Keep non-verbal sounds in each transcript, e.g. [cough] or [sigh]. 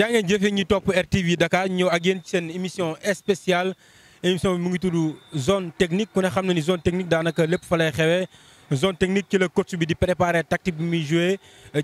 jaa ngeen jëf ñi topp RTV Dakar ñu ak yéen sen émission spéciale émission mu ngi tuddu zone technique ku ne xam na ni zone technique danaka lepp fa lay xewé zone technique ci le coach bi di préparer tactique bi mi joué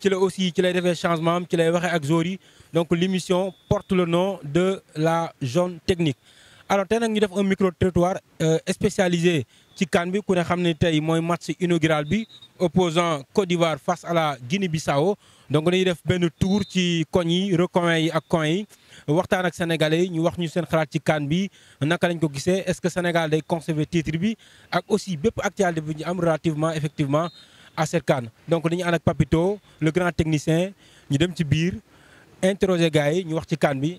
ci le aussi ci lay défé changement am ci lay waxé ak joueurs yi donc l'émission porte le nom de la zone technique alors tey nag ñu def un micro territoire euh, spécialisé ci CAN bi ku ne xam ne tey match inaugural bi opposant Côte d'Ivoire face à la Guinée-Bissau donc dañuy def benn tour ci koñ yi recoins yi ak coins yi waxtaan ak sénégalais yi ñu wax ñu seen xalaat ci CAN bi naka lañ ko est-ce que Sénégal day conserver titre bi ak aussi bépp actualité bi ñu am relativement effectivement à cette CAN donc dañu a ak Papito le grand technicien ñu dem ci biir interroger gars yi ñu wax ci CAN bi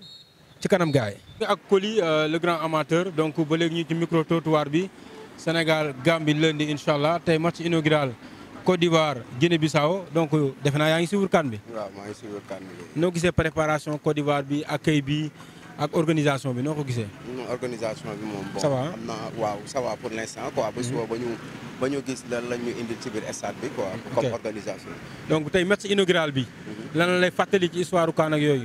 ci kanam gaay ak Coly euh, le grand amateur donc ba léegi ñu ci micro trottoir bi Sénégal Gambie lundi incha tay match inaugural Côte d'Ivoire Guinée Bissau donc euh, defe naa yaa ngi suivre kan bi. waaw maa ngi suivre kan bi. noo gisee préparation Côte d'Ivoire bi accueil bi ak organisation bi noo ko non, mm, organisation bi moom. bon xam hein? naa waaw ça va pour l'instant. instant quoi. ba mm-hmm. suba ba ñu ba ñu gis lan la ñu ci biir stade bi quoi. comme organisation. donc tey match inaugural bi. Mm-hmm. lan lay fàttali ci histoire kan ak yooyu.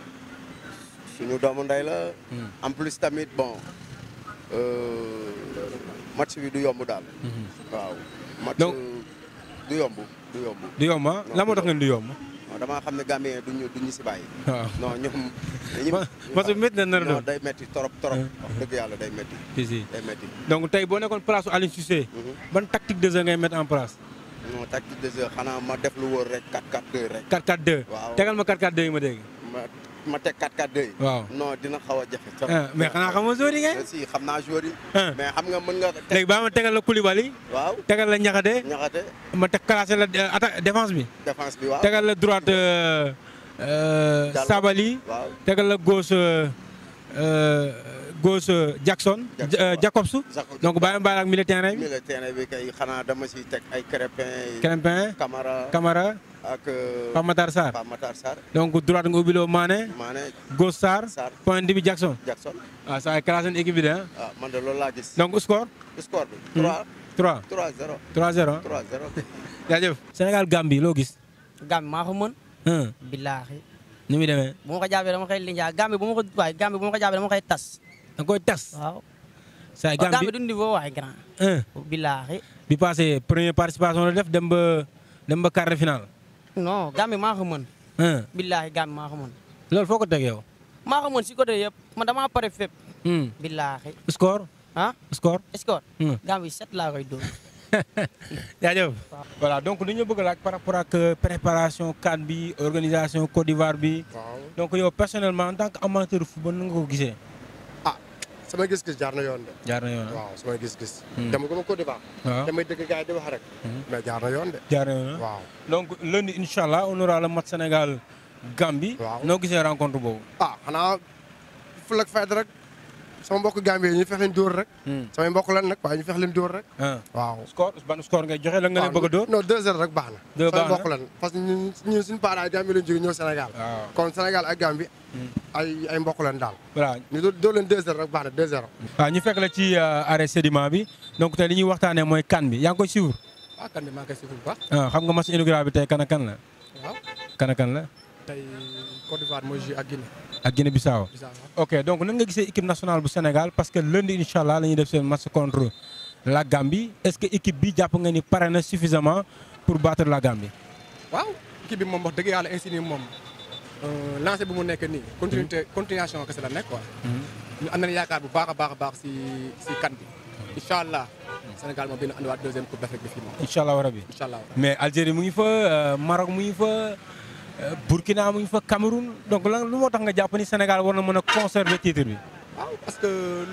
suñu doomu ndey la. Hmm. en plus tamit bon euh, match bi du yomb daal. Hmm. waaw match du yomb du yomb. du ah? moo tax ngeen du yomb. non damaa xam ne Gambien duñu duñu si bàyyi. [laughs] waaw non ñoom. dañuy parce que métti day métti torop torop. Hmm. wax dëgg yàlla day métti. si donc tey boo nekkoon place su Aliou Cissé. Mhm. ban tactique de jeu ngay mettre en place. non tactique de jeu xanaa ma def lu wóor rek 4-4-2 rek. tegal ma 4-4-2 yi ma dégg. ma teg 4-4-2 waaw non dina xaw a jafe. Eh, mais xanaa xam nga joueur yi ngay. si xam naa eh. mais xam nga léegi ba ma tegal la Koulibaly. waaw tegal la Niakhaté. Niakhaté ma teg classé la euh, attaque défense bi. bi waaw tegal la droite euh, euh, Sabali. waaw tegal la gauche. gauche euh, Jackson. Euh, Jacobs donc bàyyi ma baal ak milieu terrain bi. milieu terrain bi kay xanaa dama si teg ay Crépin. Crépin Camara Camara. ak euh, Pape Matar Sarr Pape Matar Sarr. donc droite nga ubbiloo Mané. Mané gauche point bi Jackson. Jackson waaw ah, ça a classé ah, donc score. score bi 3. 3 3 0. 3 loo gis. Gambie maa ko mën. Hmm. billaahi. ni muy bu ma ko jaabee dama koy linjaa Gambie bu ma ko waaye dama koy tas. da nga koy tas. waaw saa oh, Gambie bi du niveau waaye grand. billaahi. bi passé première participation la def dem ba dem non Gambie maa ko foo ko teg yow. maa si côté yëpp man damaa pare fépp. Hmm. billaahi. score. ah score. score. Hmm. Gambie sept laa koy dóor. [laughs] jaajëf. voilà ñu bëgg laaj par rapport ak euh, préparation CAN bi organisation Côte d'Ivoire bi. donc yo personnellement en tant que amateur football nu nga ko gisee. sama gis-gis jaar na yoon de. jaar na yoon ah? waaw sama gis-gis. Hmm. dama gëm Côte d'Ivoire. waaw damay dëgg gars di wax rek. Hmm. mais jaar na yoon de. jaar na yoon ah? waaw. donc lundi incha allah on aura le match Sénégal Gambie. waaw noo gisee rencontre boobu. ah xanaa ful ak rek. sama mbokk Gambie ñu fex leen rek. sama mbokk lan nak waaye ñu fex leen dóor rek. Hmm. Ah. waaw score ban score ngay joxe la nga leen bëgg a non 2-0 rek baax sama mbokk lan parce que ñun suñu para Gambie lañ jëg ñoo Sénégal. Ah. kon Sénégal ak Gambie. Hmm. ay ay mbokk lan dal voilà ñu dóor leen 2-0 rek baax 2-0. wa ah, ñu fekk la ci euh, arrêt sédiment bi donc tay li ñuy waxtaanee moy kan bi yaa ngi koy suivre. waaw kan bi ma ngi koy suivre ba baax. xam nga match inaugural bi tay kan kan la. kan kan la. tay Côte d'Ivoire moy ji ak Guinée. ak Guinée Bissau ok donc nan nga gisee équipe nationale bu Sénégal parce que lundi inchallah lañu def seen match contre la Gambie est-ce que équipe bi japp nga ni pare suffisamment pour battre la Gambie. waaw équipe bi mom wax deug yalla ainsi mom euh lancer bu mu nekk nii. continuité mm-hmm. continuation kese la nek quoi. Mm-hmm. ñu am nañ yaakaar bu baaxa baaxa baax ci ci si si kan bi incha allah. Sénégal moom dina andiwaat deuxième coupe d'Afrique bi fii moom. incha rabbi inchallah mais Algérie mu ngi fa euh, Maroc mu ngi fa. Burkina amuñ fa Cameroun donc lan lu moo tax nga jàpp ni Sénégal war na mën a conserver titre bi. waaw parce que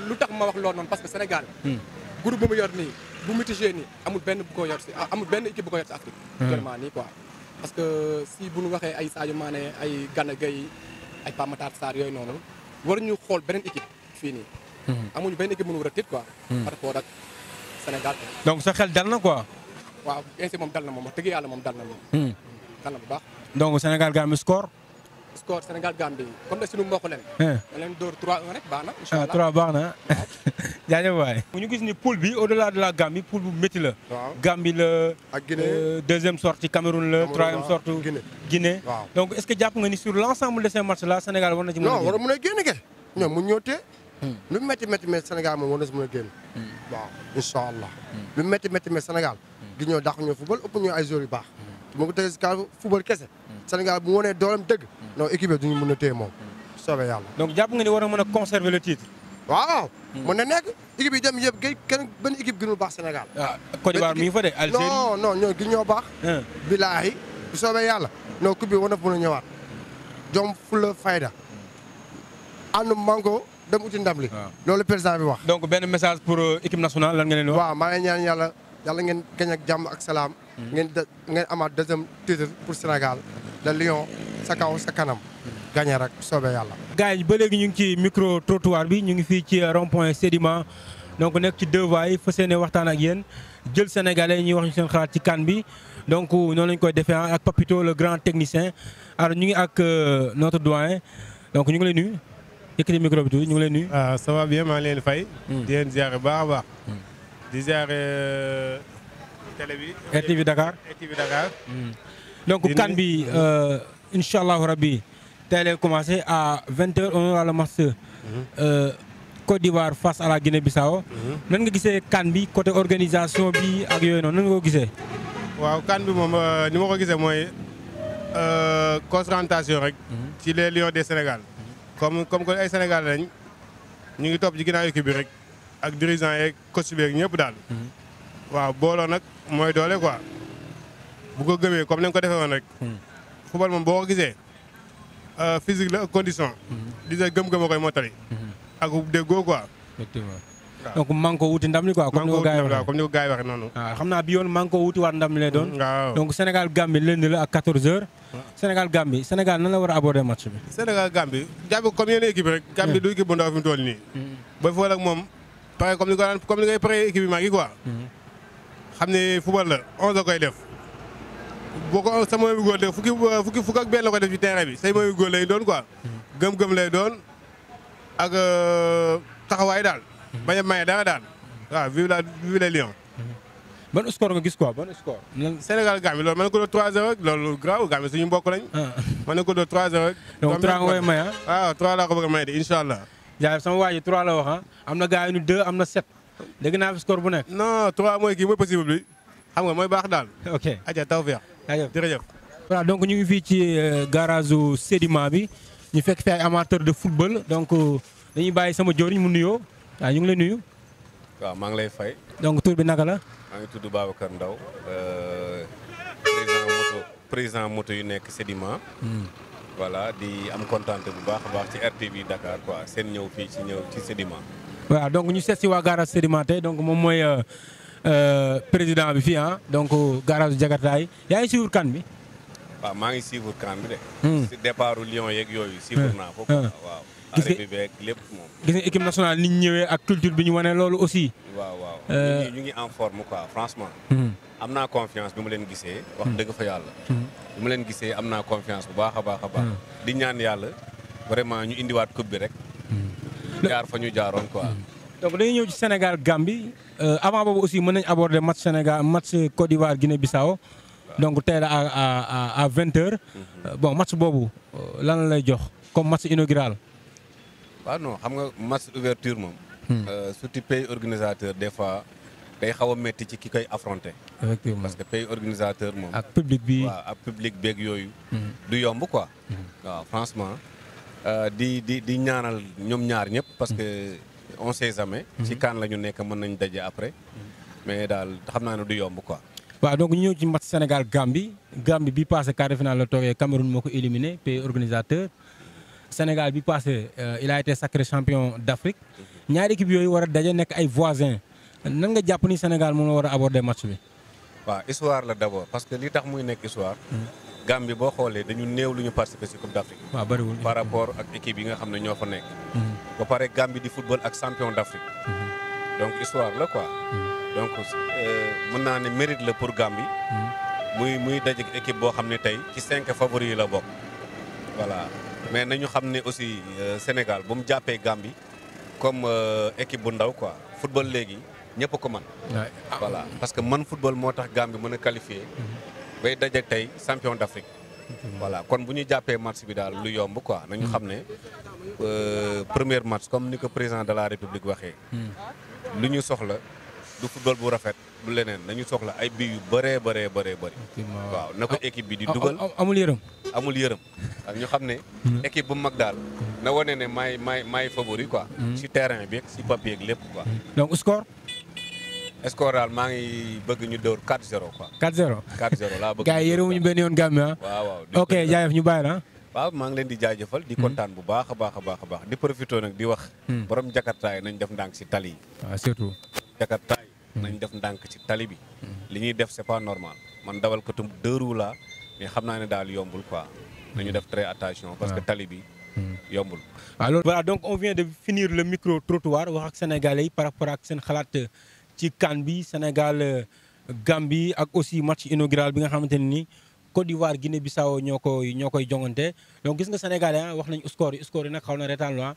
lu tax ma wax loolu noonu parce que Sénégal. Hmm. groupe bu mu yor nii bu mu tijjee nii amul benn bu ko yor si benn équipe bu ko yor si Afrique. Hmm. actuellement nii quoi parce que si bu ñu waxee ay Sadio Mané ay Gana Gueye ay Pape Matar Sarr yooyu noonu waruñu xool beneen équipe fii nii. Hmm. amuñu benn équipe bu ñu war a tiit quoi. par rapport ak Sénégal. donc sa xel dal na quoi. waaw ainsi moom dal na moom wax yàlla moom dal na moom. kanam bu baax. donc Sénégal Gambie score. score Sénégal Gambie comme de suñu mbokk leen. dor 3-1 rek baax na. incha 3 ah, baax na [laughs] jaajëf waay. ñu gis ni poule bi au delà de la Gambie poule bu métti la. Gambie le ak euh, deuxième sortie Cameroun le troisième sortie Guinée. donc est ce que jàpp nga ni sur l'ensemble de ces matchs là Sénégal war ci mën non war a mën ke Ñom mu ñëw tee. Hmm. lu metti métti mais Sénégal moom war na si mën a génn. Hmm. waaw incha hmm. lu métti métti mais Sénégal. gi ñoo dàq ñoo football ëpp ñu ay joueurs yu baax bu ma ko tey si kaa football kese. Sénégal bu mu wanee dëgg. non équipe bi du ñu a téye moom. soobee yàlla. donc jàpp nga ni war na mën a conserver le titre. waaw. Hmm. mën na nekk équipe dem yëpp gay kenn benn équipe gënul baax Sénégal. ah Côte d'Ivoire mi ngi fa de. Algérie non non gi ñoo baax. Hmm. bilaahi bu yàlla. non coupe bi war na mën a ñëwaat. jom fula fayda. ànd mango dem uti ndam ah. loolu président bi wax. donc benn message pour euh, équipe nationale lan nga leen wax. waaw maa ngi ñaan yàlla yàlla ngeen ak jàmm ak salaam. Mmh. nous de ngeen deuxième titre pour Sénégal le Lyon, sa kaw sa kanam. gagné Les gars micro trottoir bi rond point Sédiment donc nekk deux voies Il faut waxtaan ak sénégalais donc Papito le grand technicien Nous ñu avec euh, notre doyen donc nous ngi lay micro trottoir ah, ça va bien télé bi RTV Dakar RTV Dakar. Hmm. donc kan bi euh, incha allahu rabi tey lay commencé à 20h on aura le match. Euh, Côte d'Ivoire face à la Guinée-Bissau. Hmm. nan nga gisee kan bi côté organisation bi ak yooyu noonu nan nga ko waaw kan bi moom euh, ni ma ko gisee mooy concentration rek. Hmm. ci les lions du Sénégal. comme comme que ay Sénégal lañ ñu ngi topp ci ginnaaw équipe bi rek ak dirigeant et coach bi yeeg ñëpp daal waaw booloo nag mooy doole quoi bu ko gëmee comme ni nga ko defee woon rek. Hmm. football mom boko gisé euh physique la condition. Hmm. di sa gëm-gëm a koy mottali. Hmm. ak déggoo quoi. effectivement donc manko wouti ndam li quoi. comme ni ko gars yi waxee comme ni ko gars yi waxee ah, bi yone manko wouti wuti ndam li lay doon. donc Sénégal Gambie lundi la ak 14h. Sénégal Gambie Sénégal nan la war aborder match bi. Sénégal Gambie jàpp comme yeneen équipe rek. Gambie du équipe bu ndaw fi toll nii. ba foofu ak mom pare comme niko comme ni ngay paree équipe bi magi quoi. xam ne football la onze la koy def boo ko sa moom i góor la fukki fukki fukk ak benn la def ci terrain bi say moom i góor lay doon quoi. Hmm. gëm-gëm lay doon ak euh, taxawaay daal. Hmm. bañ a maye dara daal waaw vive la vive les lions. Hmm. ban score nga gis quoi ban score. Sénégal Gambie loolu mën na ko doon 3-0 rek loolu garaaw Gambie suñu mbokk lañ. Ah. mën na ko doon 3-0 rek. donc 3 nga koy may ah. waaw ah, 3 laa ko bëgg a may de incha allah. jaay sama waa ji la wax ah. na gars am na 7. dégg naa fi score bu nekk. non 3 mooy kii mooy possible bi xam nga mooy baax daal. ok aja tawfeex. Ah. jërëjëf. voilà donc ñu ngi fii ci euh, garage su Sedima bi ñu fekk fi ay amateur de football donc euh, dañuy bàyyi sama joriñ mu nuyoo waaw ñu ngi la nuyu. waaw maa ngi lay fay. donc tur bi naka la. maa ngi tudd Babacar Ndaw euh, président moto président moto yu nekk Sedima. Hmm. voilà di am kontaan bu baax a baax ci RTV Dakar quoi seen ñëw fii ci ñëw ci Sedima. waaw donc ñu seet si waa garage sédimenté donc moom euh, euh, président bi fi hein ah, donc euh, garage Jakarta ya ngi suivre kan bi. wa ma ngi suivre kan bi de. Hmm. si départu lion yeeg yooyu suivre na ko. Hmm. Hmm. waaw gis nga lépp mom gis nga équipe nationale ni ñëwé ñëwee ak culture bi ñu wone lolu aussi. waaw waaw euh, ñu ngi ñu ngi en forme quoi franchement. am naa confiance bi ma leen gisee. wax dëgg fa yalla bi ma leen gisee amna confiance bu baaxa baaxa baax di ñaan yalla vraiment ñu indi waat coupe bi rek. jaar fa ñu jaaroon quoi. Hmm. donc dañuy ñëw ci Sénégal Gambie euh, avant boobu aussi mën nañ aborder match Sénégal match Côte d'Ivoire Guinée Bissau donc tey la à à vingt heures. Hmm. bon match boobu euh, lan lay jox comme match inaugural. waaw non xam nga match ouverture moom. Hmm. Euh, surtout pays organisateur des fois day xaw a métti ci ki koy affronter. effectivement parce que pays organisateur moom. ak public bi ak public beeg yooyu. du yomb quoi. franchement. Euh, di di di ñaanal ñoom ñaar ñëpp parce que on sait jamais. ci mhm. kaan la ñu nekk mën nañ daje après. mais daal xam naa ne du yomb quoi. waaw donc ñu ñëw ci match Sénégal Gambie Gambie bi passé quart de finale la toogee Cameroun moo ko éliminé pays organisateur Sénégal bi passé euh, il a été sacré champion d' Afrique ñaari équipe yooyu war a daje nekk ay voisins nan nga jàpp ni Sénégal moom la war a aborder match bi. waaw histoire la d' parce que li tax muy nekk histoire. Mhm. Gambie boo xoolee dañu néew lu ñu participer ci Coupe d'Afrique. par rapport ak équipe yi nga xam ne ñoo fa nekk. Mm-hmm. ba pare Gambie di football ak champion d'Afrique. Mm-hmm. donc histoire la quoi. Mm-hmm. donc euh, mën naa ne mérite la pour Gambie. muy muy daje ak équipe boo xam ne tey ci cinq favoris yi la bokk. voilà mais na ñu xam ne aussi euh, Sénégal bu mu jàppee Gambie comme euh, équipe bu ndaw quoi football léegi ñëpp ko man voilà parce que man football moo tax Gambie mën a qualifier. bay dajeeg tey champion d'Afrique. voilà kon bu ñu jàppee match bi daal lu yomb quoi nañu xam ne euh, premier match comme ni ko président de la république waxee. Hmm. lu ñu soxla du football bu rafet du leneen nañu soxla ay bi yu bëree bëree bëree bëri. waaw na ko ah, équipe bi di ah, dugal ah, amul yërëm. amul yërëm ak ñu xam ne. Hmm. équipe bu mag daal hmm. na wane ne maay maay maay favori quoi. terrain bi ak ci lépp quoi. score daal maa ngi bëgg ñu dóor 4-0 quoi. 4-0 4 laa bëgg. [laughs] gars yi yërëmuñu benn yoon gàmm ah. waaw waaw ok jaajëf ñu bàyyi la ah. waaw maa ngi leen di jaajëfal. di kontaan bu baax a baax a baax a baax di profité nag di wax. Hmm. borom jakartaay nañ def ndànk si tali yi. waaw ah, surtout. jakartaay hmm. nañ def ndànk ci tali bi. Hmm. li ñuy def c'est pas normal man dawal ko tum deux roues laa mais xam naa ne daal yombul quoi. nañu def très attention parce que tali bi. yombul alors voilà donc on vient de finir le micro trottoir wax ci CAN bi Sénégal euh, Gambie ak aussi match inaugural bi nga xamante ne ni Côte d'Ivoire Guinée Bissau ñoo koy donc gis nga sénégalais ah, wax nañ score score nak xawna xaw na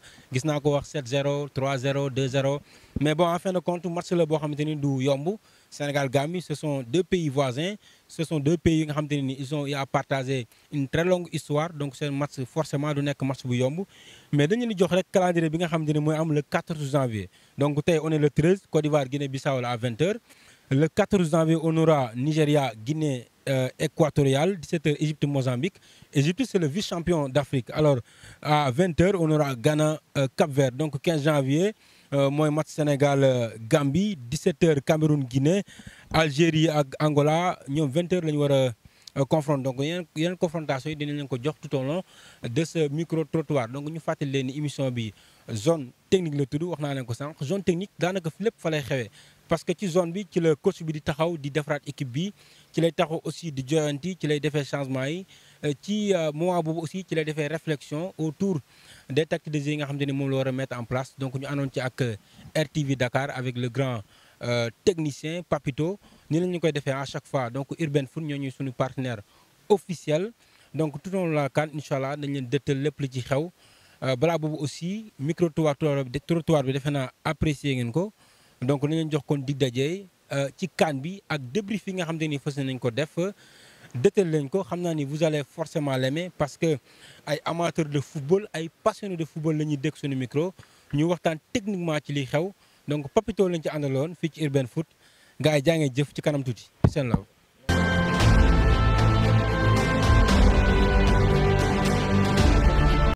ah. wax 7-0 3-0 2-0 mais bon en fin de compte match le bo xamante du yomb Sénégal gami ce sont deux pays voisins ce sont deux pays qui nga ils ont partagé une très longue histoire donc un match forcément du nek match bu yomb mais dañu avons di jox rek calendrier bi nga am le 14 janvier donc tay on est le 13 Côte d'Ivoire Guinée Bissau à 20h. Le 14 janvier, on aura Nigeria, Guinée euh, équatoriale, 17h Égypte, Mozambique. Égypte, c'est le vice-champion d'Afrique. Alors, à 20h, on aura Ghana, euh, Cap-Vert. Donc, 15 janvier, euh, moi, match Sénégal, euh, Gambie. 17h, Cameroun, Guinée. Algérie, Angola. Nous, 20h, nous aura il donc a une confrontation une confrontation ko tout au long de ce micro trottoir donc nous faisons l'émission, émission zone technique le tout wax zone technique dans lépp fa fallait parce que ci zone bi ci le coach bi di taxaw di équipe bi ci lay aussi di ci lay changement yi euh, ci euh, aussi ci lay réflexion autour des tactiques nga mettre en place donc ñu annoncé euh, RTV Dakar avec le grand technicien Papito ni lañ ñukoy à chaque fois donc Urban officiel donc tout la aussi micro trottoir donc nañu jox kon dig daje euh, ci kan bi ak débrief yi nga xamné ni fas nañ ko def dëtal leen ko xamna ni vous allez forcément l'aimer parce que ay amateurs de football ay passionnés de football la ñuy dégg micro ñu waxtaan techniquement ci li xew donc Papito lañ ci àndaloon fi ci Urban Foot gars yi jëf ci kanam tuuti seen law